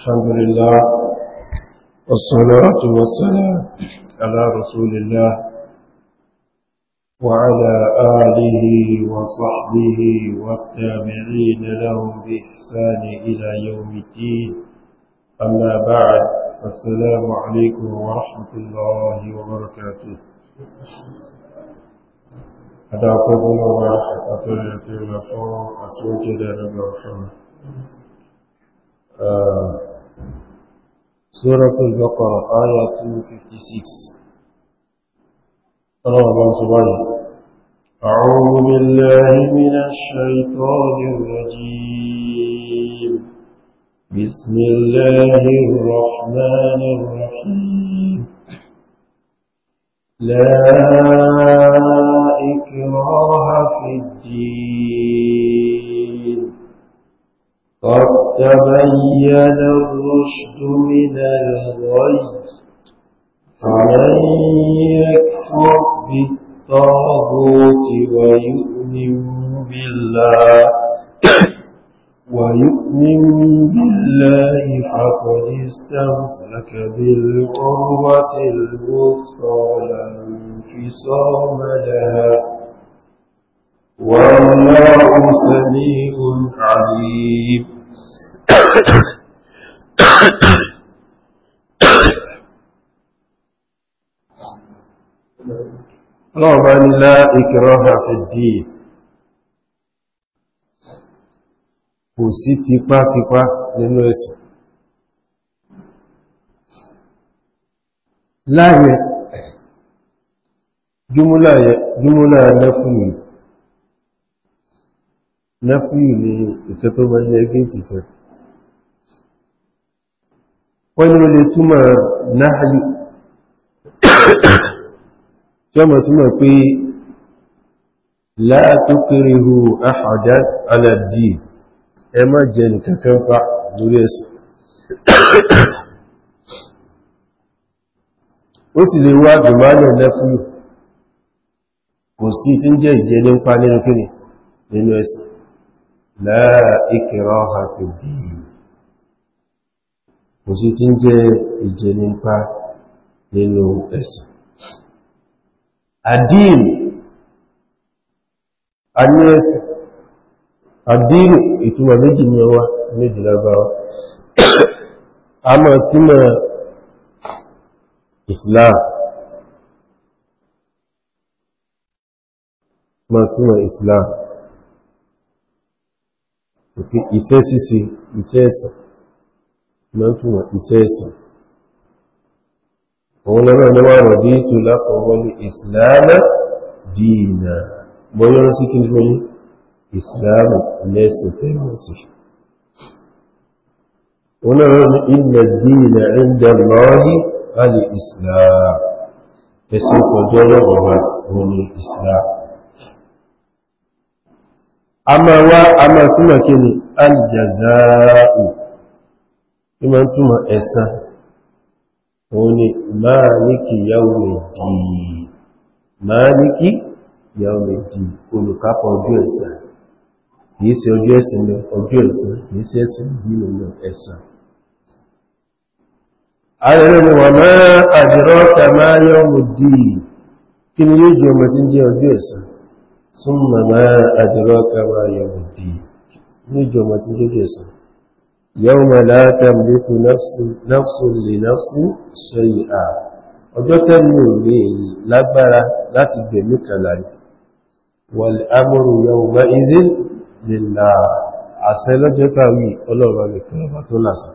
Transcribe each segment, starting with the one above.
الحمد لله والصلاة والسلام على رسول الله وعلى آله وصحبه والتابعين لهم بإحسان إلى يوم الدين أما بعد السلام عليكم ورحمة الله وبركاته هذا قبل واحد الله فوق أسوأ جدا سورة البقرة آية 256 الله سبحانه أعوذ بالله من الشيطان الرجيم بسم الله الرحمن الرحيم لا إكراه في الدين قد تبين الرشد من الغي فمن يكفر بالطاغوت ويؤمن بالله ويؤمن بالله فقد استمسك بالقوة الوثقى لا انفصام لها والله سميع عليم رغبا لا إكراه في الدين kò sí tipátipá nínú ẹ̀sìn láàrẹ jùmúlà nẹ́fúnmù nẹ́fúnmù ni ìkẹtọ́mọ́ ní ẹgbẹ́ ìtìkẹtọ́ wọ́n ní ó lè túmọ̀ náàyù tí ó mọ̀ túmọ̀ pé la ala ẹ má jẹ nìkankan pa lórí ẹ̀sìn ó sì lè wá dùmánà lẹ́fúyù kò sí tí ń ní pa kò sí tí ń jẹ́ ìjẹnipa nínú ẹ̀sìn àdín àní ẹ̀sìn àdín ìtumọ̀ méjì ní ọwá méjì lágbàwá a mọ̀ túnmọ̀ islam mọ̀ túnmọ̀ islam ìfẹ́ síse ìfẹ́ ẹ̀sìn máa ń tún wọn iṣẹ́ ẹ̀sìn òun lọ́nà ní wọ́n rọ̀ dí tó lápọ̀wọ́ ní ìsìláàmù dìínà bọ́yọ́ sí kí fún yí ìsìláàmù lẹ́sìn tẹ́wọ̀n sí òun lọ́nà ní ilẹ̀ dìínà ẹ̀ndà lọ́rí alì ìsìláàmù ẹ̀sìn kọjọ́ lọ́wọ́ wọn ní ìsìláàmù a máa wá a máa túnmọ̀ kí ni alìjàzáà ní ma ń túnmọ̀ ẹ̀san òun ni ya olùkápọ̀ ọjọ́ ẹ̀san kìí ṣe ọjọ́ ẹ̀san lọ ọjọ́ ẹ̀san kìí ṣe ẹ̀san ìdílé lọ ẹ̀san ààrẹ ni wà máa àdìrọ́ ta máa yàwó dì kí ni yóò jẹ ọmọ tí ń ọjọ́ súnmọ̀ máa máa dì ní يوم لا تملك نفس نفس لنفس شيئا ọjọ́ tẹ́lú òní èyí lágbára láti gbẹ̀mí kàlàyé wal-amru yawma'idhin lillah àṣẹ lọ́jọ́ kàwí ọlọ́ọ̀bá nìkan ọba tó lásà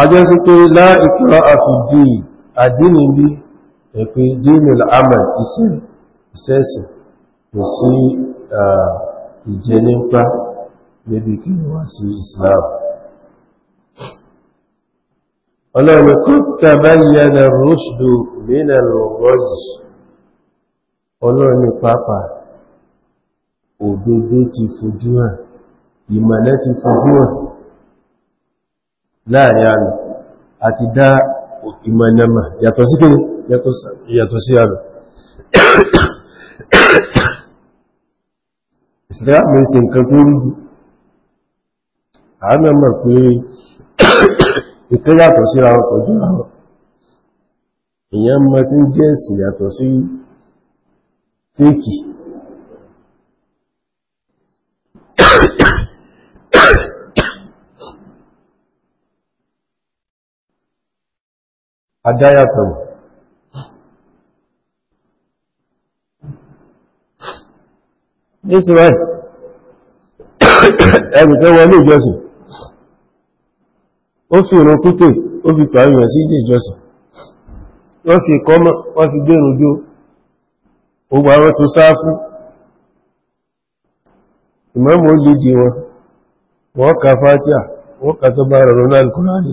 ajẹ́ sí pé la ikraha fid-din àdínì bí ẹ̀pẹ́ dínil amal iṣẹ́ kò sí ìjẹ nípa níbi kí wọ́n sí Islam. Ọlọ́run kó tàbáyẹnà rúṣdù nínà lọ́rọ̀jì, ọlọ́run pápá, òdodo ti fojú hàn, ìmọ̀lẹ̀ ti fojú hàn láàrin àmì àti dá ìmọ̀lẹ̀mà yàtọ̀ sí kíni yàtọ̀ sí àmì. Ìsìláàmù ìsìn kan tó rí àánà mọ̀ pé ìkẹ́ yàtọ̀ síra wọn pẹ̀lú àwọn èèyàn mọ́ tí ń jẹ́ ẹ̀sìn yàtọ̀ sí fíìkì adáyàtọ̀ ní ìsinmi ẹgbẹ̀tẹ́ wọlé ìjọsìn ó fi ìrun pípè ó fi pàáyàn sí ndị ìjọsìn wọ́n fi kọ́mọ̀ wọ́n fi gbé ìrun dúró gbogbo àwọn tó sáfú ìmáàmù ó lè di wọn wọ́n ka fátíà wọ́n ka tó bá rọrùn náà Kùránì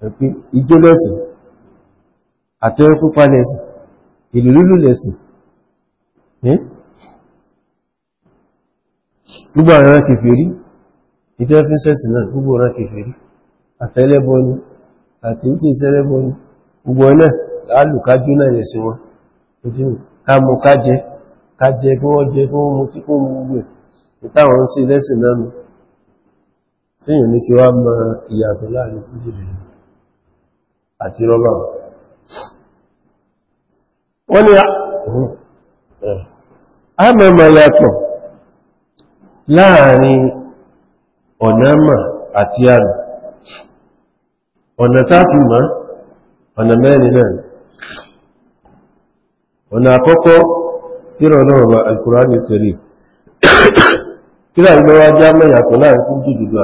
pé ijó lẹ́sìn àtẹ́rẹ́ pípa lẹ́sìn ìlú lílù lẹ́sìn gbogbo àwọn ará kèfèrí ìtẹ́ fi sẹ́sì náà gbogbo ará kèfèrí àtẹ́lẹ́bọ ni àti ní tí ìsẹ́lẹ́bọ ni gbogbo ọ̀nà alùkájú náà lẹ̀ sí wọn ká mọ ká jẹ ká jẹ kí wọ́n jẹ kí sí lẹ́sìn náà síyàn ní ti wá mọ ìyàtọ̀ láàrin tíjì rẹ̀ àti rọ́lọ́ wọ́n ni a mọ̀mọ̀ hm, eh, yàtọ̀ láàrin ọ̀nàmà àti àrùn ọ̀nà táàfì mọ́ ọ̀nà mẹ́rin náà ọ̀nà àkọ́kọ́ tí rọ̀lọ́rọ̀ alkùránì kẹrì kí láàrin mẹ́wàá já mẹ́yàtọ̀ láàrin tí jùdùdù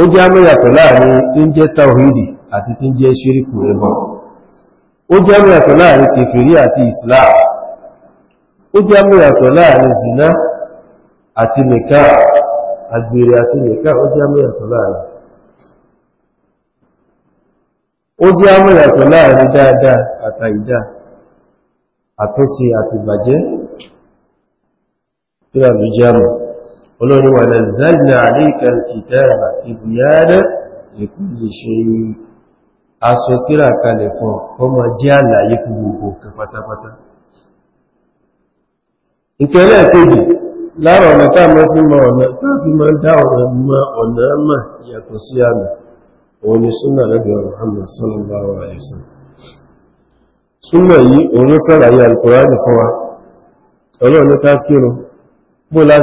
ó jẹ́ àmìyàtọ̀ láàrin tí ń jẹ́ tawhidi àti tí ń jẹ́ ṣíríkù ẹbọ ó jẹ́ àmìyàtọ̀ láàrin kèfèrí àti islam ó jẹ́ àmìyàtọ̀ láàrin zina àti nìká àgbèrè àti nìká ó jẹ́ àmìyàtọ̀ láàrin ó jẹ́ àmìyàtọ̀ láàrin dáadáa àtàìdá àtúnṣe àti bàjẹ́ tí a lè jẹ́ àmì ọlọ́ni wà nazzalna alayka al-kitaba tibyana li kulli shay aṣọ tíra kalẹ̀ fún ọmọ jẹ́ àlàyé fún gbogbo nǹkan pátápátá nǹkan ẹlẹ́ẹ̀kejì lára ọ̀nà tá mọ́ fi mọ ọ̀nà tá fi mọ́ dá ọ̀nà mọ́ yàtọ̀ sí àmì òun ni lẹ́bẹ̀ Muhammad sallallahu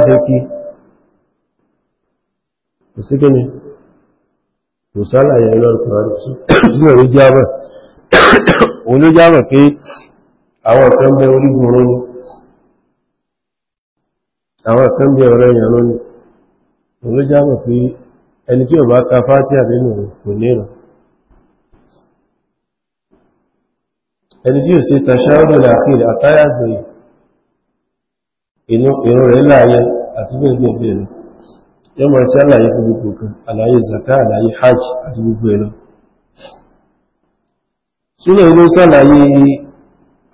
alaihi yìí kò sí kí ni kò sálàyé ọlọ́rùn ṣùgbọ́n ló jábọ̀ òun ló jábọ̀ pé àwọn ọ̀kan bẹ orígun rún ni àwọn ọ̀kan bẹ ọ̀rẹ́ èèyàn rún ni òun ló jábọ̀ pé ẹni tí ò bá ka fátíà nínú kò nírà ẹni tí ò sí tàṣáàdù làkìrì àtáyàgbè ìrún rẹ̀ láàyè àti bẹ́ẹ̀ bẹ́ẹ̀ yóò mọ̀ sí àlàyé fún gbogbo kan àlàyé zaka àlàyé hajj àti gbogbo ẹ̀lọ súnlẹ̀ ilé sàlàyé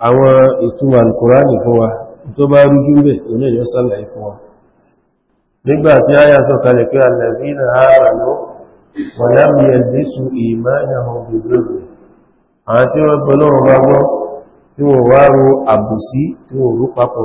àwọn ìtumọ̀ alkùránì fún wa tó ba rújú bẹ̀ ilé yóò yi wa nígbà tí a yà sọ kalẹ̀ pé alàbínà ara lọ wà láàmì ẹ̀lẹ́sù ìmáyàwó gbèzèrè àwọn tí wọ́n bọ́ lọ́wọ́ tí wọ́n wá ro àbùsí tí wọ́n rú papọ̀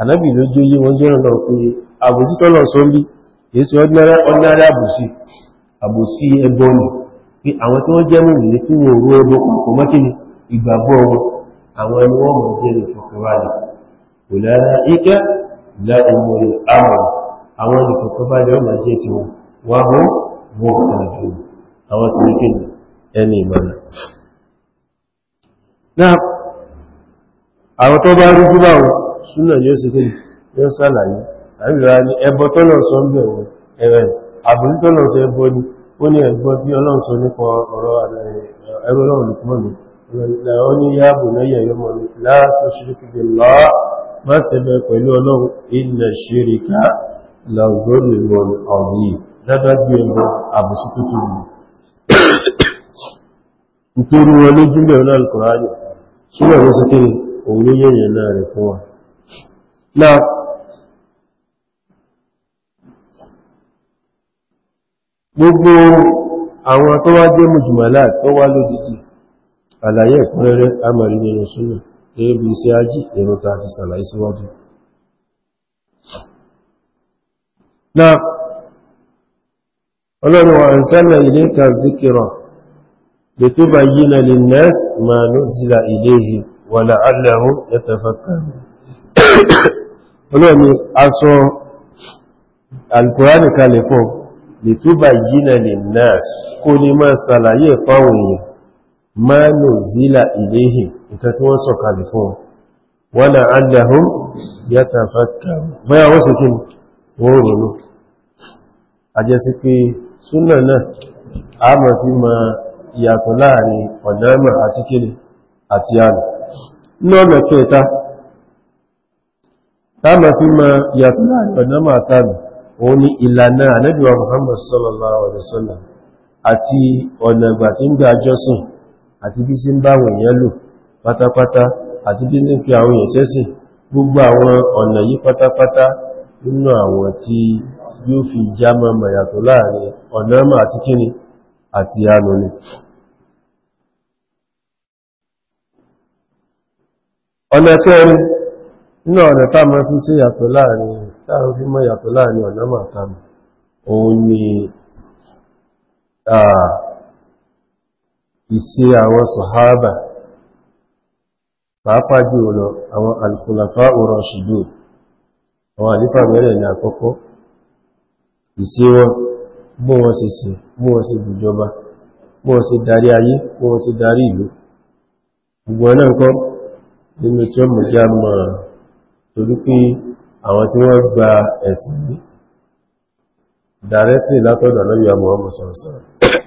ànábì ló oye oyé wọn jọ́nà lọ pé àbòsí tọ́lọ̀ sọ́rí èsì ordinary àbòsí àbòsí ẹgbọ́n ni pé àwọn tí wọ́n jẹ́ mìíràn tí wọ́n rú ẹgbọ́n kò mọ́kí ni ìgbàgbọ́ wọn àwọn súnà yóò sì kéde yóò sàlàyé àríwá ní ẹbọ tọ́lọ̀ sọ ń bẹ̀wọ̀ ẹ̀rẹ̀t àbòsí tọ́lọ̀ sọ ẹbọ ni ó ní ẹ̀gbọ́ tí ọlọ́run sọ nípa ọ̀rọ̀ eh, ẹ̀rọ ọlọ́run lùkúmọ̀ mi ó ní yáàbò lẹ́yẹ̀ yọmọ mi lára tó ṣe kéde lọ má ṣe bẹ pẹ̀lú ọlọ́run ilẹ̀ ṣe rí ká lọ́gbọ́n ìwọ̀n ọ̀rìn yìí dábàgbé ẹbọ àbòsí tó tóbi nítorí wọn lójúlẹ̀ ọlọ́run kọ̀ọ̀rọ̀ ṣúgbọ́n ló sì kéde òun ló yẹ̀yẹ̀ náà rẹ̀ fún wa náà gbogbo àwọn tó wá jẹ́ mùjùmọ̀lá tó wá lódìdí àlàyé ẹ̀kúnrẹ́rẹ́ amàrí nínú súnà gẹ́gẹ́ bí iṣẹ́ ají èròta àti sàlàyé síwájú náà ọlọ́run wa ń sẹ́lẹ̀ ilé ka lè tó bá yí na lè nẹ́ẹ̀sì olóòmí aṣọ alkùránì kalẹ̀ fún lè túbà yínà lè náà kó ní máa sàlàyé fáwọn èèyàn máa lò zílà iléhì nǹkan tí wọ́n sọ kalẹ̀ fún wọ́n na aláhùn yàtà fàkàrù báyà wọ́n sì àti kílì àti àrùn ní ọ̀nà kẹta táàmà fi ma yàtọ̀ ọ̀nà máa tàbí òun ni ìlànà ànábìwà Muhammad sallallahu alaihi wasallam àti ọ̀nà ìgbà tí ń gbà jọ́sìn àti bí sí ń bá àwọn èèyàn lò pátápátá àti bí sí ń fi àwọn èèyàn sẹ́sìn gbogbo àwọn ọ̀nà yí pátápátá nínú àwọn tí yóò fi já mọ́mọ̀ yàtọ̀ láàrin ọ̀nà àti kíni àti alòní ọ̀nà kẹrin nínú ọ̀nà tá ma fi sí yàtọ̀ láàrin táàrùn fi mọ́ yàtọ̀ láàrin ọ̀nà màtàmù òun ni ìṣe àwọn sọ̀háàbà pàápàá jù lọ àwọn alìfòlàfà òrọ̀ ṣìdó àwọn àlífà mẹ́rẹ̀ ní àkọ́kọ́ ìṣe wọn bó wọn ṣe ṣe bó wọn ṣe bùjọba bó wọn ṣe darí ayé bó wọn ṣe darí ìlú gbogbo náà kọ́ nínú tí ó mọ̀ já mọ̀ torí pé àwọn tí wọ́n gba ẹ̀sìn ní directly látọ̀dọ̀ lọ́yọ̀ àmọ́wọ́mọ́ sọ̀rọ̀sọ̀rọ̀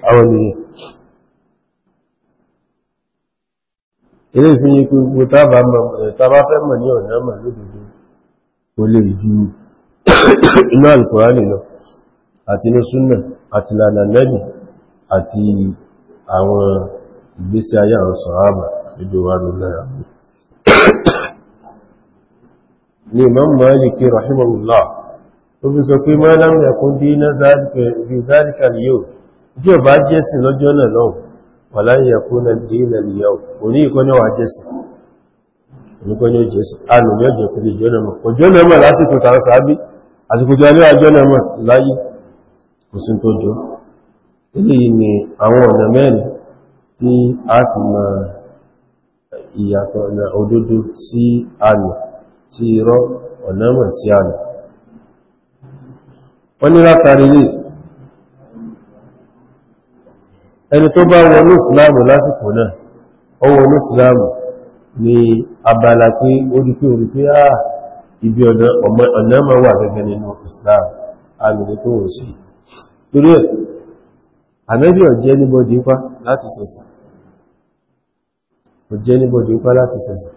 àwọn ènìyàn ilé ìfihàn gbogbo tàbá fẹ́ mọ̀ ní ọ̀nà mọ̀ lódodo kò lè ju inú alkùránì lọ àti inú súnnà àti lànà lẹ́bì àti àwọn ìgbésí ayé àwọn sọ̀rọ̀ àmà lójú wa lórí lè mọ́ Málìkì rahimahullah tó fi sọ pé máa lámì ẹ̀kún dí iná zálìkà yóò tí ò bá jẹ́sì lọ́jọ́ náà lọ́wọ́ wà láyé ẹ̀kún náà dí iná yóò kò ní ìkọ́ ní wà jẹ́sì alùmọ́jẹ̀ kò ìyàtọ̀ ọ̀nà sí àlùmọ́ Ti rọ ọ̀nà mọ̀ sí àmì wọ́n ní látàrí ẹni tó bá wọnú ìsìláàmù lásìkò náà ó wọnú ìsìláàmù ní abala pé ó pé orí pé ah, ibi ọ̀nà mọ̀ wà gẹ́gẹ́ nínú ìsìláàmù àmì tó wọ́n sí láti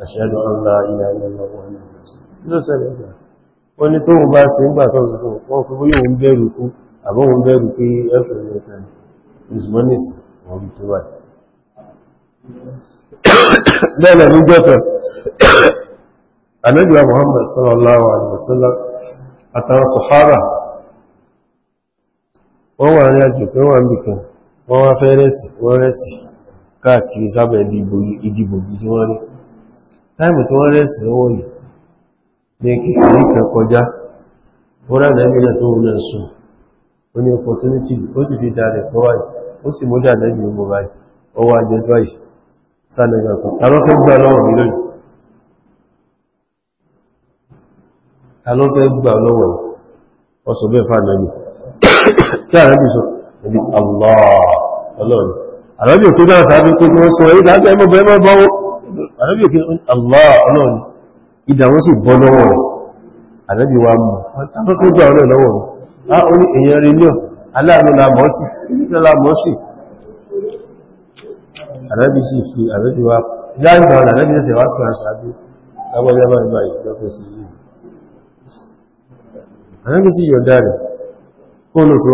أشهد أن لا إله إلا الله وأنا مسلم ló ṣẹlẹ̀ ìgbà wọ́n ní tó ń bá sí ń gbà tó ṣe fún wọn fún bóyá òun bẹ̀rù kú àbọ́ òun bẹ̀rù pé fsf usmanis ní jọ́kẹ̀ Muhammad sallallahu alaihi wasallam àtàwọn sọ̀hábà wọ́n wà ní àjò pé wọ́n bì kan wọ́n wá fẹ́ rẹ̀sì wọ́n rẹ̀sì káàkiri sábẹ̀ ìdìbò gidi tí wọ́n táìmù tí wọ́n rẹ̀sì lọ́wọ́ yìí ní kìkìrí kan kọjá bọ́rá nàìjíríà tó wùnà sùn ó ní opportunity ó sì fi dáadẹ̀ pọ́ wáyìí ó sì mú dáadẹ̀ ní gbogbo báyìí ọwọ́ àjẹs báyìí sánàgbà kan ta ló gbà lọ́wọ́ mi lónìí ta ló allah dára tàbí pé wọ́n sọ èyí lábẹ́ eme mọ́bọ́wọ́ ànábì òkè allah ọlọ́run ìdà wọ́n sì bọ́ lọ́wọ́ rẹ̀ ànábì wa mọ̀ akọ́kọ́ jẹ́ ọ̀rẹ́ lọ́wọ́ rẹ̀ a ó ní èèyàn rí ní aláàánú la mọ́ sí nítorí la mọ́ sí ànábì sì fi ànábì wa láìpẹ́ ọ̀nà ànábì sì wá kan àṣàbí lágbàjábà ìgbà ìjọpẹ́ sí yìí ànábì sì yọ̀dá rẹ̀ kó ló fi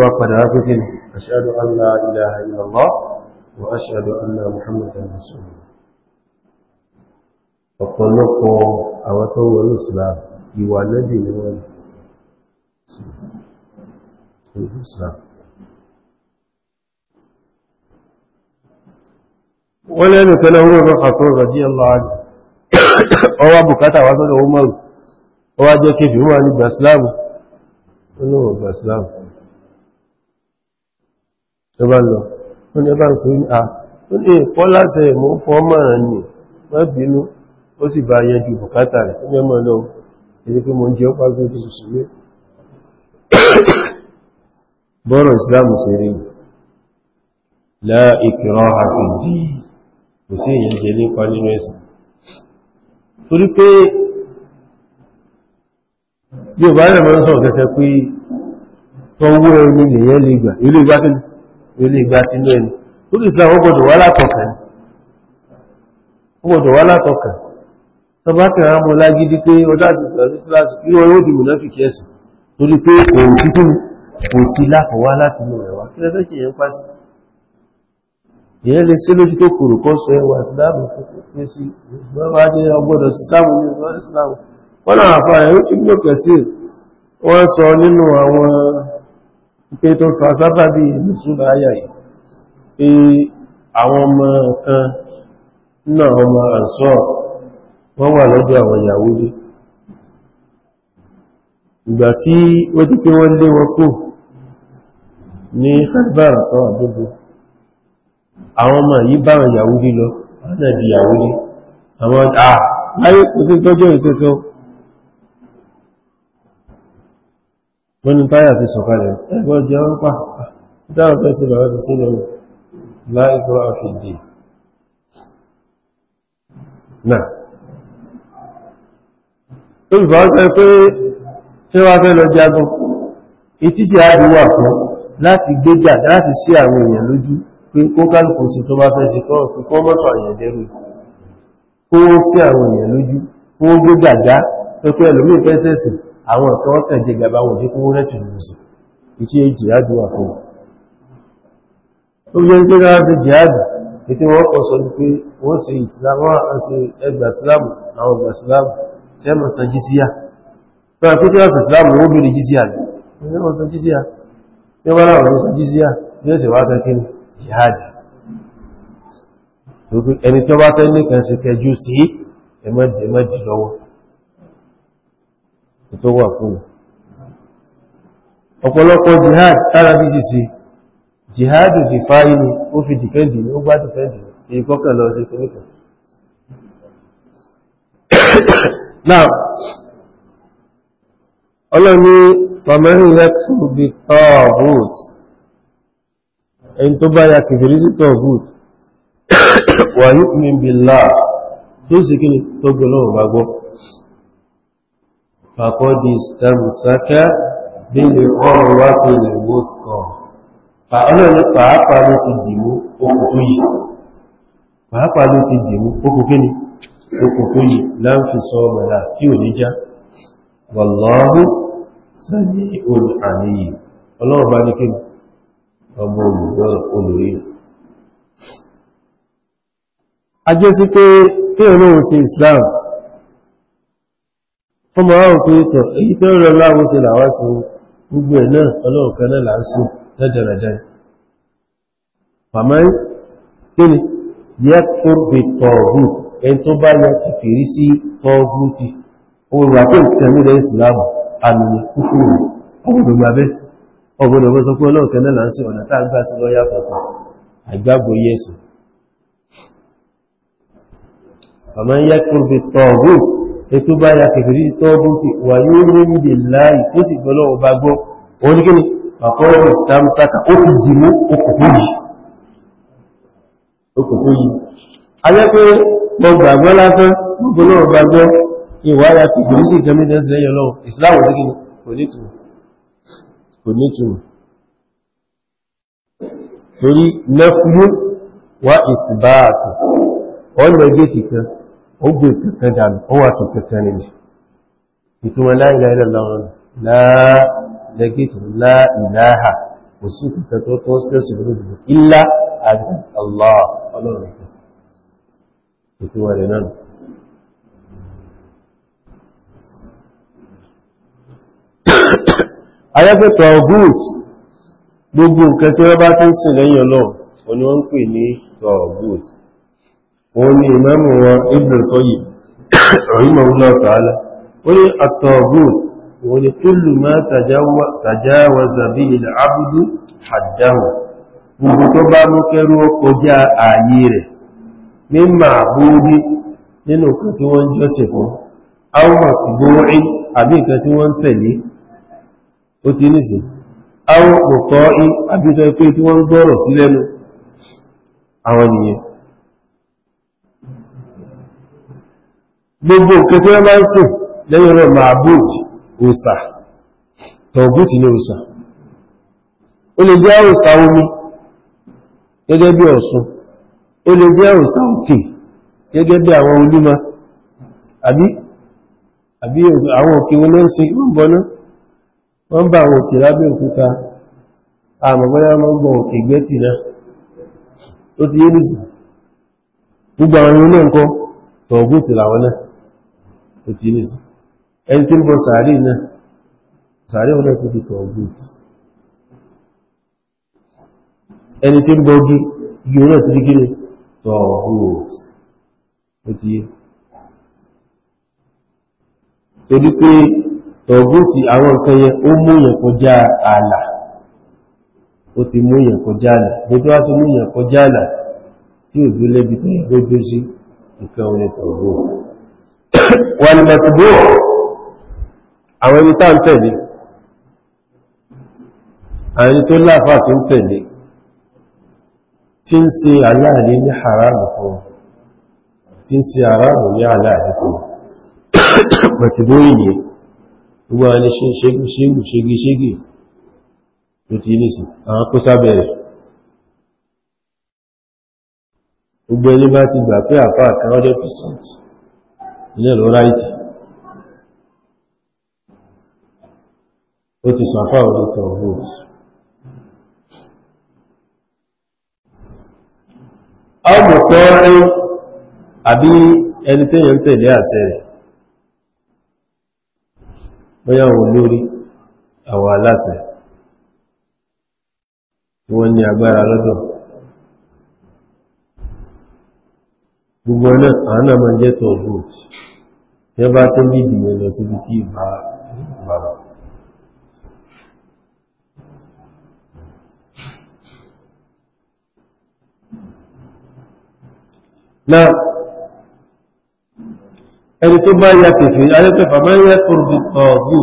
wá ọ̀pọ̀lọpọ̀ àwọn tó wọ ní islam ìwà nẹ́bì ni wọ́n rí islam wọ́n lẹ́nu pẹ̀lú orí ọ̀rọ̀ àtọ́rọ̀ rọ̀dí aláàrí ọwá bukata wá sọ́dọ̀ umaru ọwá jẹ́ kéfì wọ́n ní gbàsílámù olóòwò gbàsílámù ẹbá lọ ẹbá ń pè ní ah, ó sì bá yanjú bùkátà rẹ̀ fún mẹ́mọ̀ lọ èdè pé mo ń jẹ ó pàgbé tó sì sílé bọ́rọ̀ ìsìlámù sí rí la ikraha fi ddin kò sí èyàn jẹ nípa nínú ẹ̀sìn torí pé bí ò bá rẹ̀ mọ́ sọ̀rọ̀ kẹfẹ́ pé tọwọ́ ẹni lèyàn lè gbà ilé ìgbà tí ilé ìgbà tí lẹ́nu ó lè sí àwọn gbọdọ̀ wá látọ̀kàn tó bá kẹ̀rẹ̀ ọmọ lágídí pé ọjọ́ àsìkò ọdún síláàsì kí wọ́n yóò dìbò náà fi kẹ́sì torí pé òun títí kò ti lákọ̀wá láti inú ẹ̀wà kí lẹ́fẹ́ kì yẹn pàṣẹ ìyẹn lè sí lójú tó kòrò kọ́ sọ ẹwà síláàmù pé sí bàbá jẹ́ ọgbọ́dọ̀ àwọn ọmọ kan náà ọmọ àṣọ wọ́n wà lọ́dọ̀ àwọn Yàhúdí ìgbà tí ó ti pé wọ́n lé wọn kò ní Khaybar àwọn àdúgbò àwọn ọmọ yìí bá àwọn Yàhúdí lọ náà di Yàhúdí àwọn àláyé kò sí tọ́jọ́ ìtọ́tọ́ wọ́n ni táyà ti sọ̀kalẹ̀ ẹgbọ́n jẹ́ wọ́n pà dáwọn fẹ́ sí bàbá ti sílẹ̀ láìkọ́ àfìdì tó ìbá wọ́n pé tí wọ́n fẹ́ lọ jagun etí jẹ́ àbí wà fún láti gbéjà láti sí àwọn èèyàn lójú pé kó kálùkù sí tó bá fẹ́ sí kọ́ pé kọ́ mọ́sọ̀ àyàn dẹ́rù kó wọ́n sí àwọn èèyàn lójú kó wọ́n gbé gàgá pé pé ẹlòmíì fẹ́ sẹ̀sìn àwọn ọ̀kan wọ́n kàn jẹ gàbá wọn dínkù wọ́n rẹ̀sì ṣe mọ̀ san jísíyà pẹ̀lú pé kí ọ̀sẹ̀ islam ó bèèrè jísíyà ní ṣe mọ̀ san jísíyà ní wọ́n láwọn san jísíyà ní ọ̀sẹ̀ wá kẹ́kẹ́ jihad ẹni tó bá fẹ́ ní kan sí kẹjú sí ẹmọ́dì lọ́wọ́ tó wà fún ọ̀pọ̀lọpọ̀ jihad tára bí sì sí jihad ò ti fáyé ni ó fi dìfẹ́ǹdì ni ó gbá dìfẹ́ǹdì ni èyí kọ́kàn lọ sí kìnnìkan náà ọlọ́ni fàmẹ́rin lẹ́kùn bí tọ́ọ̀bùt ẹni tó bá ya kìfèrí sí tọ́ọ̀bùt wà ní min billah tó sì kí ni tó gbọ́lọ́wọ́ bá gbọ́ fàkọ́dì stamsaka bí lè ọrùn wá ti lè wọ́sùkọ̀ ọlọ́ni pàápàá ló ti dìmú okùn yìí pàápàá ló ti dìmú okùn kí ni òkòkò yìí fi sọ ọmọlá tí ò ní já wàláhù sẹ́ni olùhàníyì ọlọ́run bá ní kí ọmọ olùgbọ́rọ̀ a jẹ́ sí pé kí olóhun sí Islam ọmọ àwọn pé tọ̀ èyí tó rọ láwọn sí làwá sí gbogbo ẹ̀ náà ọlọ́run kan náà láásù pàmọ́ kí ẹni bá ya kìfèrí sí tọ́gútì olùwà tó nǹkan nílẹ̀ ìsìláàmù àmìyàn kúkúrù ọgbọ̀dọ̀ gbàbẹ́ ọgbọ̀dọ̀ bọ́ sọ pé ọlọ́ọ̀kẹ́ náà láńsí ọ̀nà tá gbà sí lọ́yà ètò bá ya kìfèrí sí tọ́gútì wà yóò rí ní dè láì tó sì gbọ́lọ́ ọba gbọ́ òun ní kíni àkọ́rọ̀ ìsìlámsáka ó fi jìmú okùnkùn yìí mo gbàgbọ́ lásán gbogbo náà gbàgbọ́ ìwáyà kìkìrí sí ìkẹ́ méjì lẹ́yìn ọlọ́run ìsìláwò sí kò ní túmọ̀ kò ní túmọ̀ torí nẹ́kúrú wá ìsìbáàtì ọ̀nà kan ó gbé kankan dànù ó wà kankan nílẹ̀ ìtumọ̀ na lọ́rùn láàlẹ́gẹ́tì láìláà ìtumọ̀ rẹ̀ náà ayẹ́pẹ̀tọ̀ ọgút gbogbo nǹkan tí wọ́n bá tí ń sìn lẹ́yìn ọlọ́ òní wọ́n pè ní tọ̀ọ̀gút òun ni ìmọ́mù wọn ibùn ni mímọ̀ àbúrí nínú nǹkan tí wọ́n jọ́sìn fún áwọ̀ tí bóórí àbí nǹkan tí wọ́n tẹ̀lé ó ti nìsì áwọ̀ pòtọ́ í àbí sọ pé tí wọ́n gbọ́rọ̀ sí lẹ́nu àwọn nìyẹn ó lè jẹ́ òsà òkè gẹ́gẹ́ bí àwọn olúmọ àbí àbí àwọn òkè wọn ló ń ṣe wọ́n bọ́ná wọ́n bá àwọn òkè lábẹ́ òkúta àmọ̀bọ́lá wọ́n gbọ́ òkè gbẹ́tì náà ó ti yé nìsì gbogbo àwọn ohun náà kọ́ làwọn náà ó ti di gíní tọ̀ọ̀hùt ó ti torí pé tọ̀ọ̀hùt àwọn nǹkan yẹn ó múyàn kọjá ààlà ó ti múyàn kọjá ààlà gbogbo wá ti múyàn kọjá ààlà tí ò dúlẹ́bi o yẹ gbogbo sí nǹkan orin tọ̀ọ̀hùt wà ní mẹ́tìbó àwọn ẹni tá ń tẹ̀lé àwọn ẹni tó láàfà tó ń tẹ̀lé tí ń ṣe aláàrí ní haramu fún tí ń ṣe haramu ní aláàrí fún pàtìlóyìn ní gbogbo ẹni ṣe ṣégú ṣégú ṣégú ṣégú tó ti ní sí àwọn kó sábẹ̀rẹ̀ gbogbo ẹni bá ti gbà pé àpá àkàn 100% ilé lọ ráìtì ó ti sọ àpá òdòtò ọmọ tó rí àbí ẹni tí èyàn asịrị. àṣẹ rẹ̀ bóyá wọn lórí àwọn aláṣẹ tí wọ́n ní agbára gbogbo ọ̀nà àwọn náà máa jẹ́ tọ̀gbọ̀t tí wọ́n bá tó bí lọ síbi tí náà ẹni tó bá ya kèfè ayẹ́pẹ̀fà máa ń yẹ́ kòròdùkọ̀ọ̀gù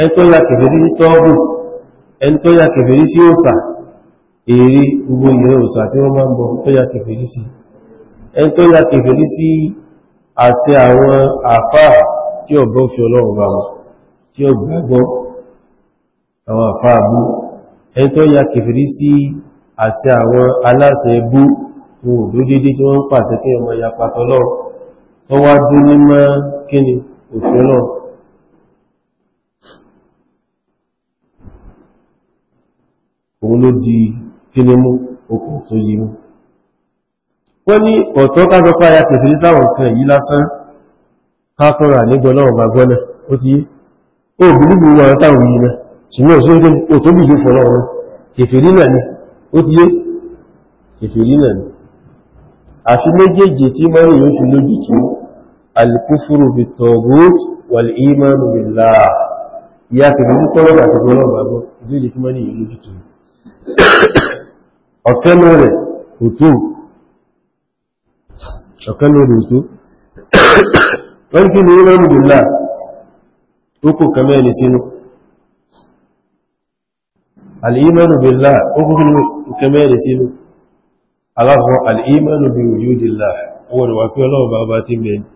ẹni tó ya kèfè sí tọ́ọ̀bù ẹni tó ya kèfè sí òsà èrí gbogbo ìrẹ́ òsà tí wọ́n máa ń bọ̀ tó ya kèfè sí ẹni tó ya kèfè sí àti àwọn àfáà tí ọ̀bọ̀ fi ọlọ́run bá wọn tí ó gbàgbọ́ àwọn àfáà bú ẹni tó ya kèfè sí àti àwọn aláṣẹ bú wọn ò dó dédé tí wọ́n pàṣẹ kí ọmọ ya pàtọ́ lọ tó wá dún ní mọ́ kí ni òfin náà òun ló di kí ni mú okùn tó yí mú wọ́n ní ọ̀tọ́ kájọ páyà kẹfìrí sáwọn kan yìí lásán kákọ́rà nígbọ́n náà bá ó ti yí ó bìlúgbù wọn táwọn yìí náà ṣùgbọ́n òṣèré tó bí ìlú fọ́lọ́run kẹfìrí náà ni ó ti yé kẹfìrí náà ni àfi méjèèjì tí mọ́rù yóò fi lójútú alkúfúrú fi tọ̀gút wal imanu billah ìyá kìí sí tọ́lọ́gbà tó gbọ́nà bàbọ́ ìdíje kí mọ́rù yóò lójútú ọ̀kẹ́lú rẹ̀ òtó wọ́n kí ni imanu billah ó kò kàmẹ́ ni sínú al imanu ó kò kàmẹ́ ni sínú aláfọ́ al'imanu bí wujudillah wọn wà pé ọlọ́wọ́ bá bá tí ń bẹni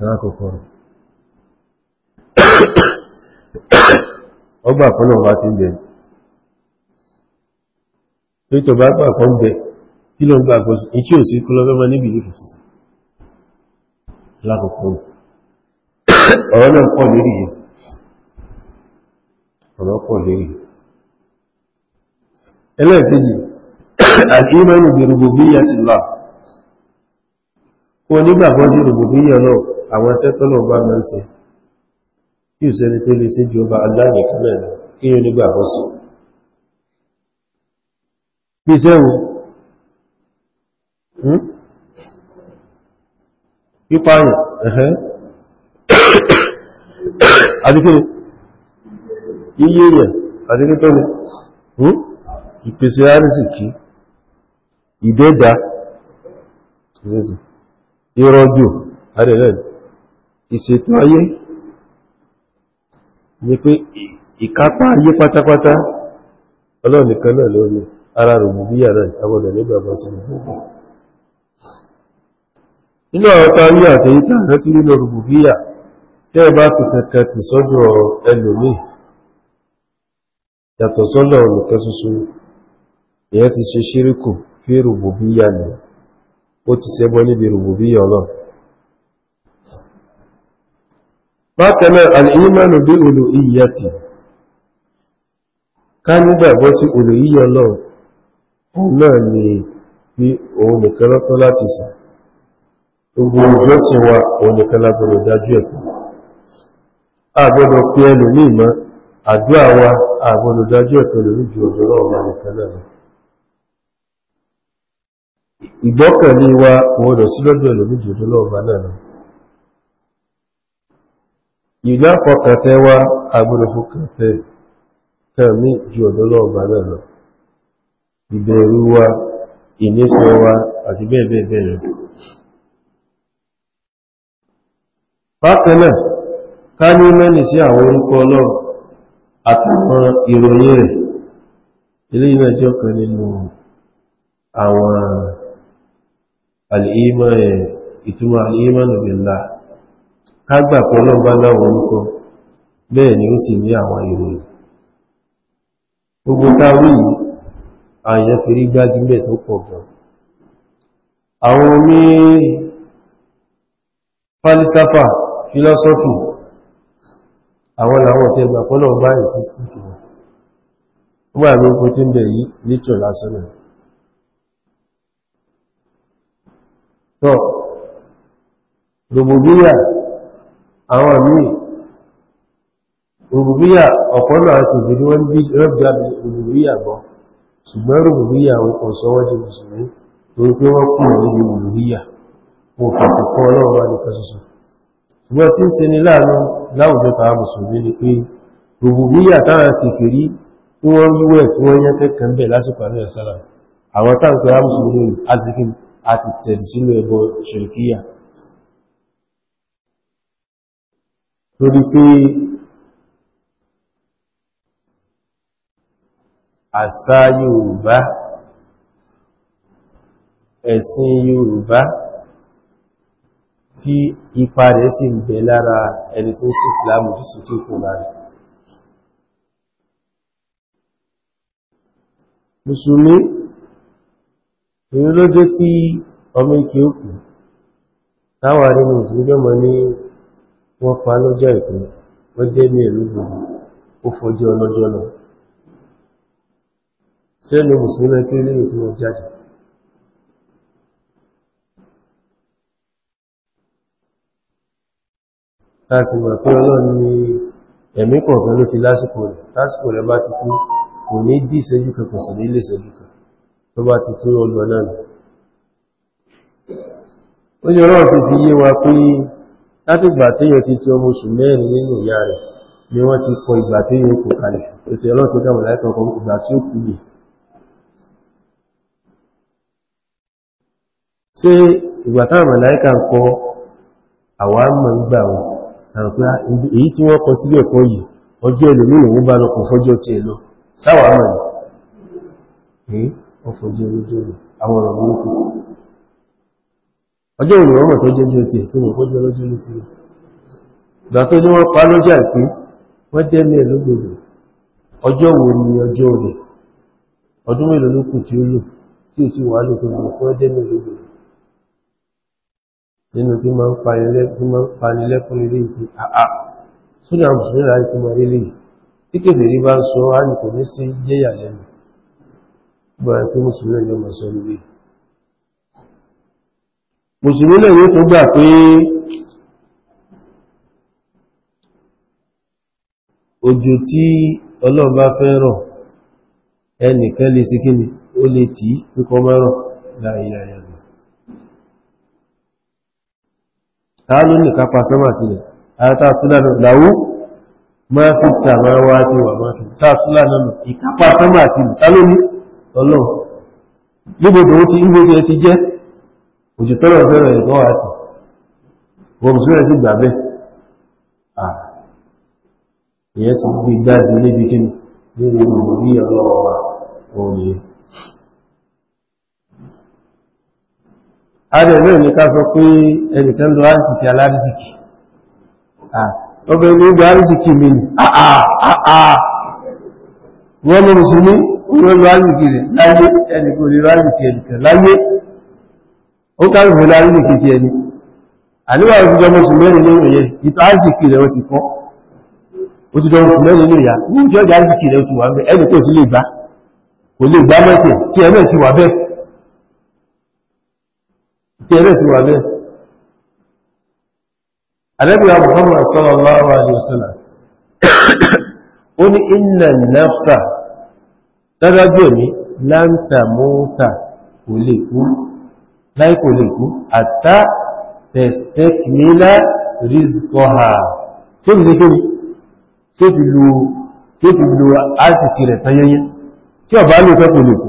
alákọ̀ọ́kọ́rọ̀ ọgbà pọ́lọ̀ bá tí ń bẹni pé tó bá gbà kan bẹ tí ló ń gbà kan sí ikí òsì kú lọ́fẹ́ níbi ìlú fòsìsì alákọ̀ọ́kọ́rọ̀ ọ̀rọ̀ al'imanu bi rububiyya ti lá kó nígbàgbọ́ sí rububiyya náà àwọn sẹ́tọ́nà bá mọ́ sí kí ò sẹ́ni tó lè sí ju ọba aláàrẹ̀ kanáà kí yóò nígbàgbọ́ sí bí sẹ́wọ̀ pípáyàn ẹ̀hẹ́ àdíkẹ́ iye yẹn àdíkẹ́ tọ́lẹ̀ ìpèsè àrísìkí ìdẹ́dà ìrọ́jù àrẹ̀rẹ̀ ìṣètò ayé ní pé ìkápá ayé pátápátá ọlọ́nìkan náà lórí ara rùgbù bí yàrá àwọn ẹ̀lẹ́gbà bá sọ nínú àwọn parí àtẹ́yíká rántí nínú rùgbù bí yà tẹ́ bá fi kankan ti sọ́dọ̀ ẹlòmíì yàtọ̀ sọ́dọ̀ ọ̀nìkan ṣoṣo fi rùbùbíyà ní ó ti ṣẹbọ níbi rùbùbíyà ọlọ́run bákanáà al'imanu bí olùhíyàtì ká nígbàgbọ́ sí olùhíyà ọlọ́run náà ni bí òun nìkan lọ́tọ́ láti sìn gbogbo ìjọsìn wa òun nìkan lágbọ́dọ̀ dájú ẹ̀kọ́ àgbọ́dọ̀ pé ẹlòmíì mọ́ àdúrà wa àgbọ́dọ̀ dájú ẹ̀kọ́ lórí ju ọjọ́ náà wà nìkan náà ìgbọ́kànlé wa wọ́n lọ sí lọ́dọ̀ ẹlòmí jù náà lọ ìlú àfọkàntẹ́ wa agbọ́dọ̀ fọkàntẹ́ kàmí ju ọ̀dọ̀ lọ́wọ́ ọba náà lọ ìbẹ̀rù wa ìnífẹ́ wa àti bẹ́ẹ̀ bẹ́ẹ̀ bẹ́ẹ̀ lọ bákan náà ká ní mẹ́ni sí àwọn orúkọ ọlọ́run àtàwọn ìròyìn rẹ̀ eléyìí náà jẹ́ ọ̀kan nínú àwọn ìtumọ̀ alìímọ̀nù billah ká gbà pé Ọlọ́run bá láwọn orúkọ bẹ́ẹ̀ ni ó sì ní àwọn ìròyìn gbogbo táwí àyàn fi rí gbájúmẹ̀ tó pọ̀ gan àwọn oní falisafa filosofi àwọn làwọn tẹ́ gbà pé Ọlọ́run bá wọn wọ́n gbà tí ń bẹ̀ yìí tọ́ rògbòbíyà àwọn míì rògbòbíyà ọ̀pọ̀ náà ti fi ní wọ́n bí rọ́bìá bí rògbòbíyà bọ́ ṣùgbọ́n rògbòbíyà wọn kò sọ wọ́n di mùsùlùmí torí pé wọ́n kù níbi rògbòbíyà wọn kò kọ́ ọlọ́run wá nìkan ṣoṣo ṣùgbọ́n tí ń ṣe ni láàánú láwùjọ tàà mùsùlùmí ni pé rògbòbíyà táwọn ti fi rí tí wọ́n wíwẹ̀ tí wọ́n yẹ́ kẹ́kẹ́ ń bẹ̀ lásìkò àmì ẹ̀sára àwọn táǹkì amùsùlùmí azikini a ti tẹ̀sí sínú ẹbọ ṣìrìkíyà torí pé àṣà Yorùbá ẹ̀sìn Yorùbá tí ipa rẹ̀ sì ń bẹ lára ẹni tí ń sí ìsìlámù tí sì tí kò lára Mùsùlùmí èyí ló jẹ́ tí ọmọ ike òkú táwà nínú ìsìnlẹ́mọ̀ ní wọ́n pa lọ́jọ́ ìpé wọ́n jẹ́ ní ẹ̀lú gbogbo ó fọjú ọlọ́jọ́ lọ sẹ́nu mùsùlùmí pé lè tí wọ́n jáde láti mọ̀ pé ọlọ́run ni ẹ̀mí kọ̀ọ̀kan ló ti lásìkò rẹ̀ lásìkò rẹ̀ bá ti kú kò ní dí ìṣẹ́jú kan kò sì ní lè ṣẹ́jú kan tó bá ti tó ọlọ náà ó sì rọ́ọ̀ fi fi yé wa pé láti ìgbà téèyàn ti ti ọmọ oṣù mẹ́rin nínú ìyá rẹ̀ ni wọ́n ti kọ ìgbà téèyàn kò kalẹ̀ ètò ọlọ́run ti dáwọn láìpẹ́ ọkọ̀ ìgbà tí ó kọ àwa mọ̀ wọn pé èyí tí wọ́n kọ sílẹ̀ kọ yìí ọjọ́ ẹlòmíràn bá lọ Ọfọdụ fojú ojú àwọn ọ̀rọ̀ burúkú ọjọ́ òní ọmọ tó jẹ́jọ́ tí tó mọ̀ fojú olójú ní ti ìgbà tó ní wọ́n pa lọ́jọ́ àìpé wọ́n ọjọ́ wo ni ọjọ́ ọdún ló kù tí ó lò tí ò wà nínú tí máa ń ilé àá sódà mùsùlùmí láì mọ ilé yìí gbọ́ra pé mùsùlùmí lè mọ̀ sọ lórí mùsùlùmí lè yóò tó gbà pé òjò tí ọlọ́run bá fẹ́ rọ̀ ẹnìkan lè sí kíni ó lè tí pípọ́ mọ́rọ̀ láìláyà rẹ̀ ta ló ní kápa sọ́mà sílẹ̀ àátà fúlànà fi sàmáwá ti wà máa fi ta fúlànà ìkápa sọ́mà sílẹ̀ ta lọ́lọ́ níbodò ó ti níbo tí ẹ ti jẹ́ òjò tọ́lọ̀ fẹ́rẹ̀ ẹ̀kọ́ àti wọ́n mùsùlùmí sì gbà bẹ́ẹ̀ ìyẹn ti gbé gbáàdì níbi kíni nínú ìlú ní ọlọ́wọ́ wa òun yìí adẹ̀ náà ní ká sọ pé ẹnìkan lọ àrísìkì alárísìkì ọgbẹ̀rún gbogbo àrísìkì mi ni wọ́n mọ́ mùsùlùmí ló lọ áyùkì rẹ̀ láyé ẹnìkò lè lọ áyùkì ẹnìkẹ̀ láyé ó kárù fún láyé nìkì ti ẹni àníwà òtijọ́ mọ́sù mẹ́rin nínú yẹ ìtọ́ áyùkì rẹ̀ ó ti kọ́ òtijọ́ mọ́sù mẹ́rin nínú yà ní ìjọ́ ìjà áyùkì rẹ̀ ó ti wà bẹ́ ẹnì kò sí lè gbá kò lè gbá mẹ́tẹ̀ tí ẹ̀rẹ́ ti inna nafsa lọ́dọ́jú òní láńtà mọ́ta kò lè kú láì kò lè kú àtà tẹ̀stẹ́kìmílá rizkọ́ha tí ó fi ṣe kí ni tí ó fi lo àṣìkì rẹ̀ tanyẹnyẹ tí ọ bá lóòtọ́ kò lè kú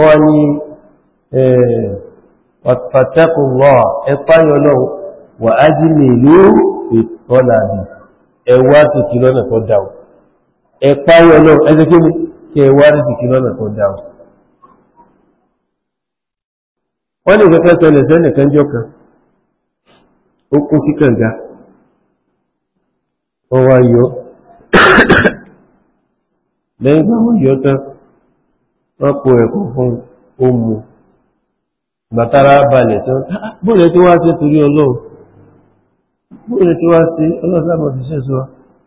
wọ́n ni fàtàkùnlọ́ wà ájí mèlú ẹwà sí kìlọ́nà tó dáwọ́ ẹ̀pá ọlọ́ ẹsẹ kí mú kẹ wá rísìkí lọ́nà tó dáa wọ́n ní kẹ́kẹ́ sọlẹ̀ sẹ́nìkan jọ kan ó kú sí kànga wọ́n wá yọ lẹ́yìn bá wọ́n yọ tán wọ́n po ẹ̀kọ́ fún omu gbàtara balẹ̀ tán ah, ah, bóòlẹ̀ tí wá sí torí ọlọ́run bóòlẹ̀ tí wá sí ọlọ́sàbọ̀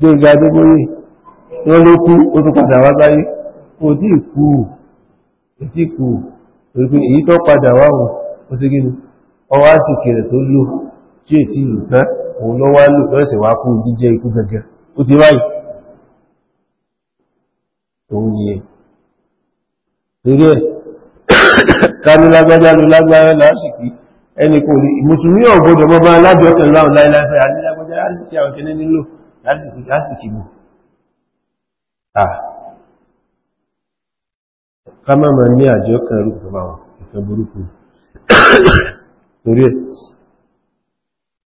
gbé ìgbà adébóyè tí wọ́n ló kú ó tún padà wá sáyé kò tí kú kò tí kú pẹ̀lú èyí tó padà wá wọn ó sì gínú ọwá sì kẹrẹ tó lò tí è tí lù tán òun lọ wá lò lọ́sẹ̀ wá kú jíjẹ ikú gẹ̀gẹ̀ ó ti ẹ̀ kánú lágbájá ló lágbára lásìkí ẹni kò ní ọ̀gbọ́dọ̀ mọ́ bá alájọ́ àwọn láìláfẹ́ àdílágbájá lásìkí àwọn kẹ́lẹ́ nílò lásìkí bù ká máa ma ní àjọ kan rú kọmọ ìkan burúkú torí ẹ̀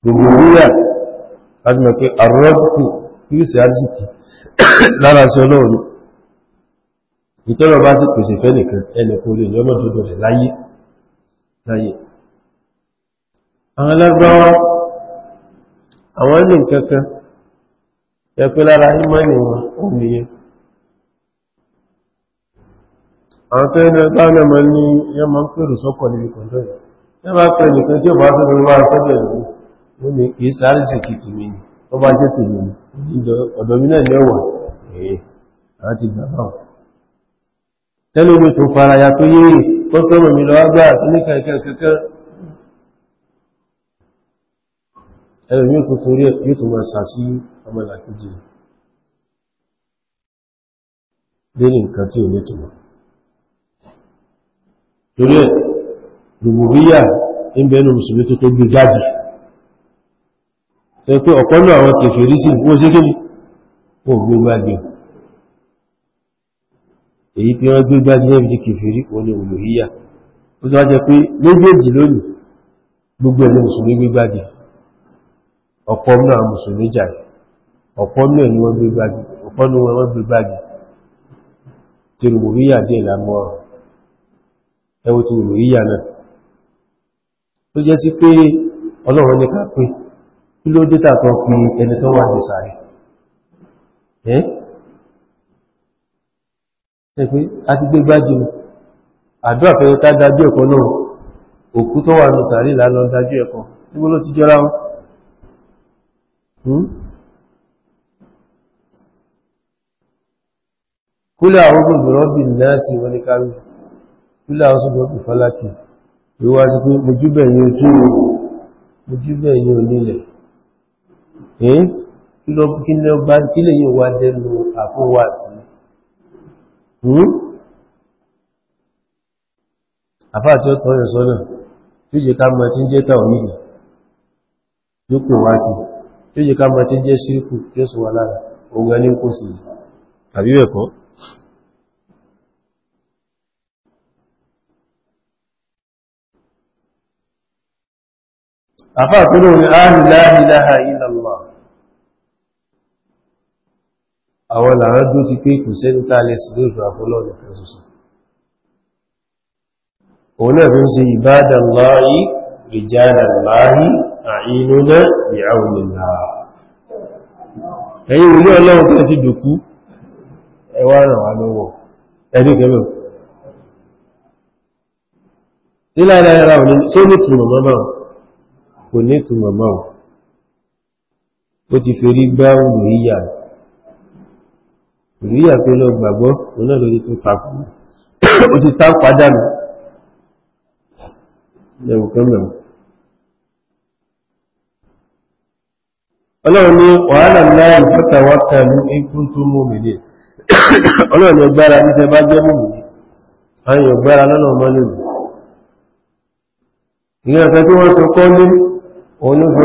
gbogbo ríyà láti mọ̀ pé àrọ́sìkò kírìsì àrísìkì lára sí ọlọ́run ìtọ́rọ bá sì pèsè fẹ́ nìkan ẹnìkan olè ní ọmọ tó bẹ̀rẹ̀ láyé láyé àwọn alágbáwá àwọn ẹnì kankan ẹ̀pẹ́ lára ìmọ̀ni wọn ò níye àwọn tó ẹni ọgbà náà mọ́ ní yẹ́ máa ń pèrò sọ́kọ̀ níbi kọ̀ọ̀dọ̀ yìí yẹ́ bá pẹ́ nìkan tí ó bá fẹ́ lórí sọ́dọ̀ ìlú ó ní kìí sáré sí kìkì mi ni ó bá jẹ́ tèmi ni ọ̀dọ̀ mi náà lẹ́wọ̀ èé àwọn ti gbà báwọn tẹ́lómi tó fara ya tó yéèrè ó sọ́rọ̀ mi lọ́wọ́ gbà níkà ìkẹ́kẹ́kẹ́ ẹ̀rùn yóò tó torí yóò tó máa sàásí ọmọlàkejì lórí nǹkan tí ò ní túnmọ̀ torí ẹ̀ rùbùbíyà ń bẹ̀ẹ́nu mùsùlùmí tó tó gbé jáde ẹ pé ọ̀pọ̀lọ àwọn kèfèrí sí wọ́n sí kéde wọ́n gbé gbágbé èyí tí wọ́n gbé gbágbé ẹ̀bí di kèfèrí wọ́n ní olùhíyà ó sì wá jẹ pé méjèèjì lónìí gbogbo ẹ̀lẹ́ mùsùlùmí gbé gbágbé ọ̀pọ̀ náà mùsùlùmí jà ọ̀pọ̀ náà ni wọ́n gbé gbági ọ̀pọ̀ ní wọ́n gbé gbági ti rùmùríyà dé ìlàmú ọ̀rọ̀ ẹwọ ti rùmùríyà náà ó jẹ́ sí pé ọlọ́run ní ká pín kí ló dé tàtọ́ fi ẹni tó wà ní sàárẹ̀ ẹ́ pé a ti gbé gbági Hmm? kúlẹ̀ àwọn gbogbo bí náàsì wọ́n ní kárí kúlẹ̀ àwọn sọ́dọ̀ bí fálákì wíwá sí pé mojúbẹ̀ yóò hmm? tí ó mojúbẹ̀ yóò nílẹ̀ ẹ́ kí lè yóò wá dẹnu àfúnwà sí àfáà tí ó tọ́ tí ó jẹ ká mọ̀ tí ń jẹ́ tàwọn nílẹ̀ yóò pè wá sí i tí ó jẹ ká máa ti jẹ́ ṣíríkù tí ó sì wà lára ogun ẹni kò sí àbí bẹ́ẹ̀ ní la ilaha àwọn làwọn dún ti pé kò sẹ́ni lè sí lóòfin àfọ́lọ́ nìkan ṣoṣo òun náà fi ń ṣe ibadallahi àìnúná ìyàwòmìnà ẹ̀yìn ilé ọlọ́run tó ti dùkú ẹwà ràn wá lọ́wọ́ ẹ̀dí kẹlò sílá ìlàyàrá òní só ní túnmọ̀ mọ́mọ́ kò ní túnmọ̀ mọ́mọ́ ó ti fèrí gbá olùyíyà olùyíyà tó lọ gbàgbọ́ ọ̀nà lórí tó takù ó ti tá padà mi lẹ́wùkọ́ mẹ́wùn ọlọ́run ní wàhálà láàrín fọ́ta wákà ní ikún tó mú mi ní ọlọ́run ní gbára ní tẹ bá jẹ́ mú mi ayọ̀ gbára lọ́nà mọ́lẹ̀ mi ìyẹn ọ̀fẹ́ tí wọ́n sọ kọ́ ní òun ní pé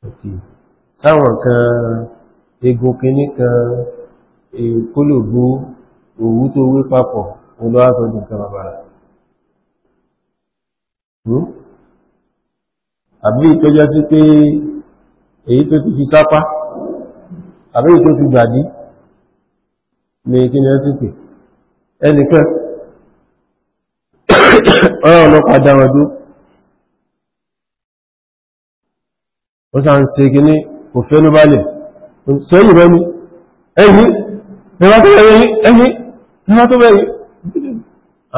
lè ní wọ táwọn kan egun kìíní kan kólògbó òwú tó wé papọ̀ olóásọ di nǹkan bàbàrà hmm? àbí ìtọ́já sí pé èyí tó ti fi sápá àbí èyí tó fi gbàdí ní kí ni ó sì pè ẹnìkan ọ̀rọ̀ ọlọ́pàá dáwọn dúró ó sá ń ṣe kìíní kò fẹ́nu balẹ̀ sẹ́yìn rẹ̀ ni ẹ̀yìn ẹ̀wà tó bẹ̀rẹ̀ ẹ̀yìn ẹ̀wà tó bẹ̀rẹ̀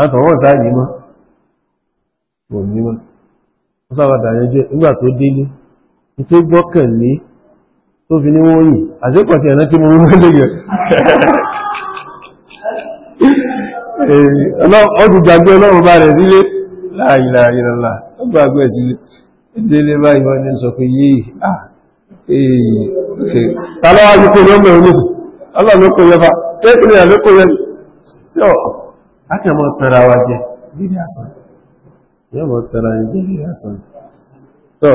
àtọ̀wọ̀n sáà ní mọ́ kò ní mọ́ ó sábàdà yẹjọ́ nígbà tó délé tó gbọ́kàn ní tó fi ní wọ́n yìí àṣẹ́kọ̀ tí ẹ̀nà tí mo mú lẹ́yẹ̀ ọdún gbàgbé ọlọ́run bá rẹ̀ sílé láàrín láàrín lọ́la ó gbàgbé sílé délé báyìí wọ́n ní sọ pé yìí ṣe tàlọ́wà ní kò yọ mẹ́rin nìsìn ọlọ́run kò yọ fa ṣe ìpínlẹ̀ àlẹ́ kò yọ sí ọ̀ akẹ́mọ̀ tẹ́ra wa jẹ lílẹ̀ àsán yọ́mọ̀ tẹ́ra jẹ lílẹ̀ àsán tọ́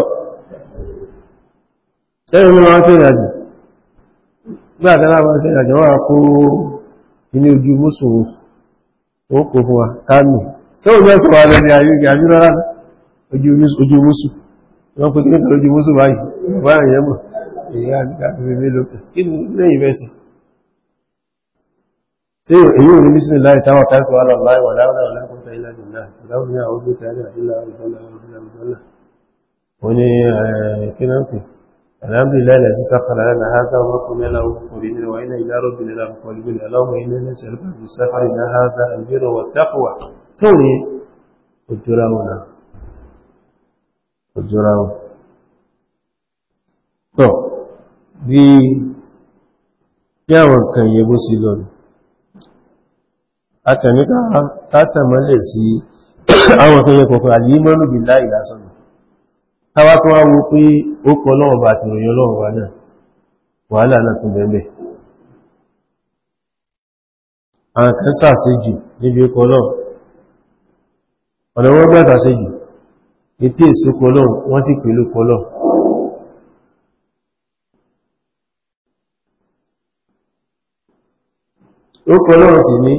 ẹ̀rùn ní wọ́n ṣe ìrìnàjò ṣe ìrìnàjò wọ́n wọ́n pè kíníkà lójú mọ́sù báyìí báyìí yẹn mọ̀ èyí àgbàgbé mélòókè kí ni lẹ́yìn bẹ́sì tí èyí ò ní bísí ní láì táwọn káàkiri wà lọ́wọ́ láì wà láwọn alákùnta ilá jù náà láwọn ní àwọn ògbé tààrí àti láwọn ìtọ́lá ìtọ́lá wọ́n ní kínáàpì alhamdulillah ilẹ̀ sí sáfàrà lẹ́nà hádá wọ́n kò ní láwọn kòrí ní wàhálà ìdárò bí nílá kò ní gbìnà láwọn ilé ní sẹ́lẹ̀ bí sáfàrà ní hádá albírò wà tákùwà tó ní òjòrà wọn náà kò jọra wọn tọ́ bí bí àwọn nǹkan yẹ bó sí lọ akẹ̀mí kátàmọ́lẹ̀ sí àwọn nǹkan yẹ kọ̀kọ̀ àlìímọ́nù bí láì lásán táwá tó wá wo pé ó kọ lọ́wọ́ bá ti ròyìn ọlọ́wọ́ wa náà wàhálà náà tún bẹ̀ẹ̀bẹ̀ àwọn kan sàṣejù níbi ó kọ lọ́wọ́ ọ̀nà wọ́n gbẹ́ sàṣejù etí èso kọlọ̀ wọ́n sì pẹ̀lú kọlọ̀ ó kọlọ̀ sì ní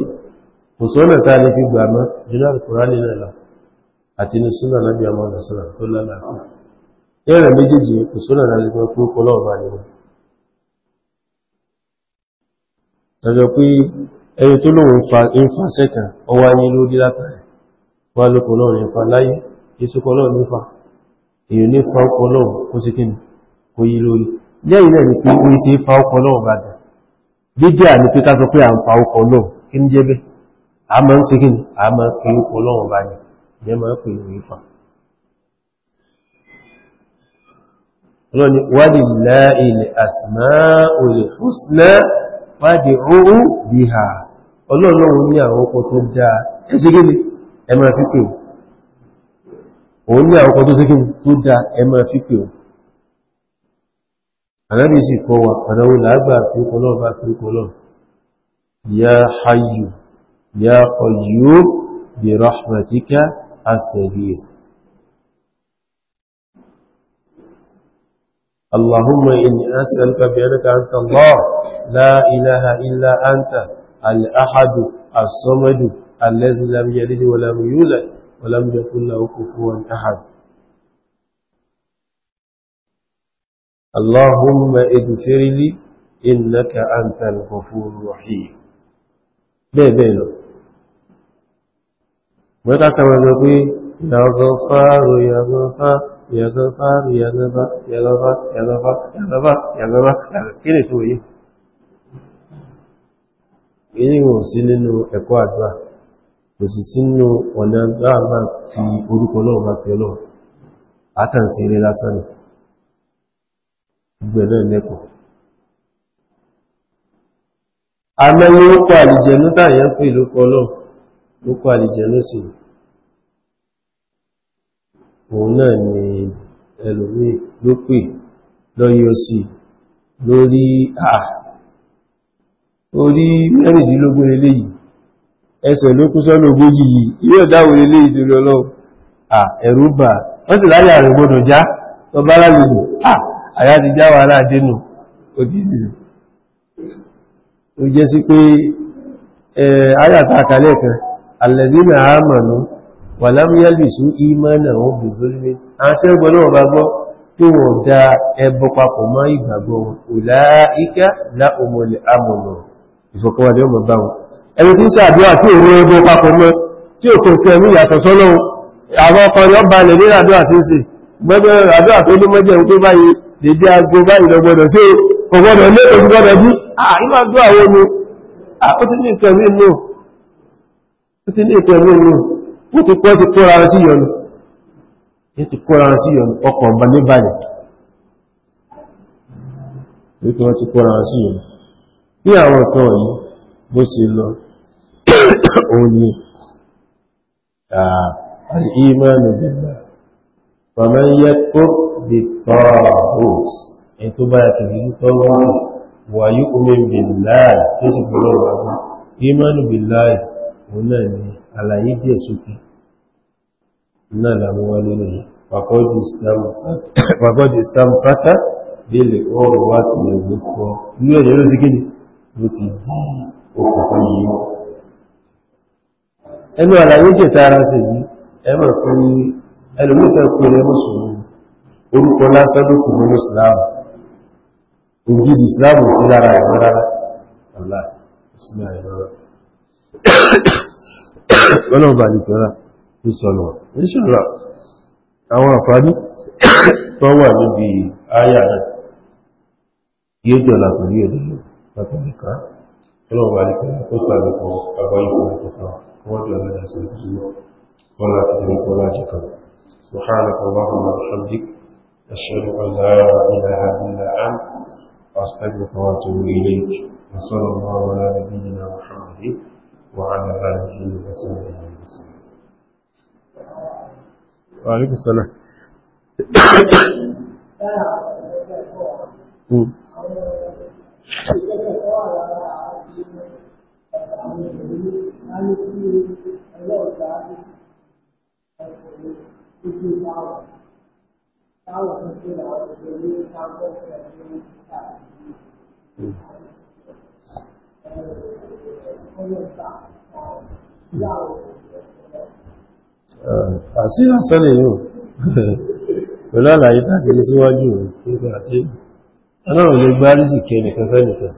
kò sọ́nà tá a lè fi gbà mọ́ nínú Al-Kùránì nílẹ̀ lọ àti ní súnà lábí ọmọ ìsọ̀rọ̀ tó lálàáfíà ẹ̀rẹ̀ méjèèjì kò sọ́nà tá a lè fi kọlọ̀ ọba ni wọn ìsúkọlọ́ nífà èyàn ní fa ọpọlọ́ kó sí kí kò yí lórí lẹ́yìn náà ni pé orí sí fa ọpọlọ́ bàjá gbígbé à ní pé ká sọ pé à ń fa ọpọlọ́ kí ní jẹ́ bẹ́ a máa ń sí kí a biha ọlọ́run ní àwọn ọkọ̀ tó dáa ẹ́sì gíní ẹ máa òun ní àwọn kan tó síkí tó dá ẹmọ fípẹ̀ ọ̀ anábì sì kọ wà ọ̀nàwó làágbà fíkọ náà bá fíkọ náà ya hayyu ya qayyum bi rahmatika astaghith اللهم إني أسألك بأنك أنت الله لا إله إلا أنت الأحد الصمد الذي لم يلد ولم يولد ولم يكن له كفوا أحد اللهم اغفر لي إنك أنت الغفور الرحيم بيه بيه لو ماذا تمام يقول يا غفار يا غفار يا غفار يا غفار يا غفار يا غفار يا غفار يا غفار كيف يسوي؟ إني مسلم إنه إقوى kò sì sínú ọ̀nà gbáàmà fi orúkọ náà bá pẹ̀lọ àkànsí eré lásán gbẹ̀ náà lẹ́kọ̀ọ́ àmẹ́yìn orúkọ àlìjẹ̀nú tàyẹ̀ pè lókọ náà lókọ àlìjẹ̀nú sí òun náà ni ẹlòmí ló pè lọ́yọ́ sí lórí àà orí mẹ́rìndínlógún eléyìí ẹsẹ̀ ló kú sọ́nà ogójì yìí yóò dáwò ilé ìdúró ọlọ́run à ẹ̀rú bà wọ́n sì láyà rẹ̀ gbọdọ̀ já tó bá lálejò à àyà ti já wà láà dénú òjìjì ó jẹ́ sí pé ayàtà wọn tí ẹbọ papọ̀ mọ́ ìgbàgbọ́ ọmọ ẹni tí sàdúwà tí òun ẹgbẹ́ papọ̀ mọ́ tí ò kò kẹ́ ní ìyàtọ̀ sọ́nà àwọn ọkọrin ọba lè ní àdúwà tí ń sì gbẹ́gbẹ́ àdúwà tó ní mẹ́jẹ̀ ń tó báyìí dédé agbó báyìí lọ́gbọ́dọ̀ sí ọgbọ́dọ̀ lé ògbọ́dọ̀ jí àìmọ́ àdúwà wo ni ó ti ní ìkẹ́ mí nù ó ti ní ìkẹ́ mí nù ó ti kọ́ ti kóra àwọn nǹkan yìí bó ṣe lọ òní al'imánu billah faman yakfur bi taghut in tó bá ya kìí sí taghut wa yu'min billahi tó sì gbọ́rọ̀ wà ní imánu billahi òun náà ni àlàyé díẹ̀ sókè náà làmú wá lórí fàkọ́jì stamsaka délé ọrọ̀ wá ti lè gbé sọ ní ọjọ́ ló sì kéde ló ti di òkùnkùn yìí ẹnu àlàyé jẹta ara sì yí ẹmọ̀ fún ẹlòmífẹ́ pẹ̀lẹ̀ mùsùlùmí orúkọ lásán ló kù nínú ìsìláàmù ògidì ìsìláàmù sí lára ẹ̀rọ rárá ọ̀la sí lára ẹ̀rọ rárá wọ́n náà bà ní pẹ̀lá ní sọ̀nà ìṣọ̀lá àwọn àfáàní tó wà níbi ayà náà yóò jọ̀lá pẹ̀lú ẹ̀dọ́lẹ̀ látàrí ká ọlọ́wọ́ bà ní pẹ̀lá ó sàlẹ̀ kan àbáyé kan tó kàn ودع لنا سنتجنون ولا تهنك ولا تكن سبحانك اللهم وبحمدك أشهد أن لا إله إلا أنت أستغفرك وأتوب إليك وصلى الله على نبينا محمد وعلى آله وصحبه وسلم وعليكم السلام ẹni tí ẹlọ́ọ̀dá lóṣù ọkùnrin ojú táwọ̀ táwọ̀ tó tó là ń ṣe ní kápọ́ọ̀sì ẹ̀dínwó káàkiri ọlọ́ọ̀dá yàwó. Àṣí lásán lè yóò pẹ̀lú àlàyé láti síwájú nípa àṣí ọlọ́run lè gbá rísìkẹ́ nìkan fẹ́ nìkan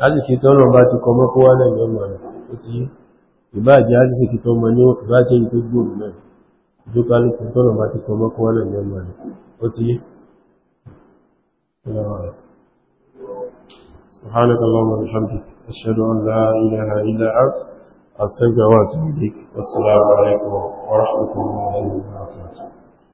láti kí tọ́lọ̀ bá ti kọ mọ́kó wálẹ̀ lọ́mọ̀ rẹ̀ ó ti yí ìbáàjẹ́ àjíṣẹ́ kìtọ́ ọmọ ní ìbáàjẹ́ yìí tó gbòòrò náà ìjókàlùkù tọ́nà bá ti kọ mọ́kọ́ wọ́n náà lẹ́mọ̀ rẹ̀ ó ti سبحانك اللهم وبحمدك أشهد أن لا إله إلا أنت أستغفرك وأتوب إليك والسلام عليكم ورحمة الله وبركاته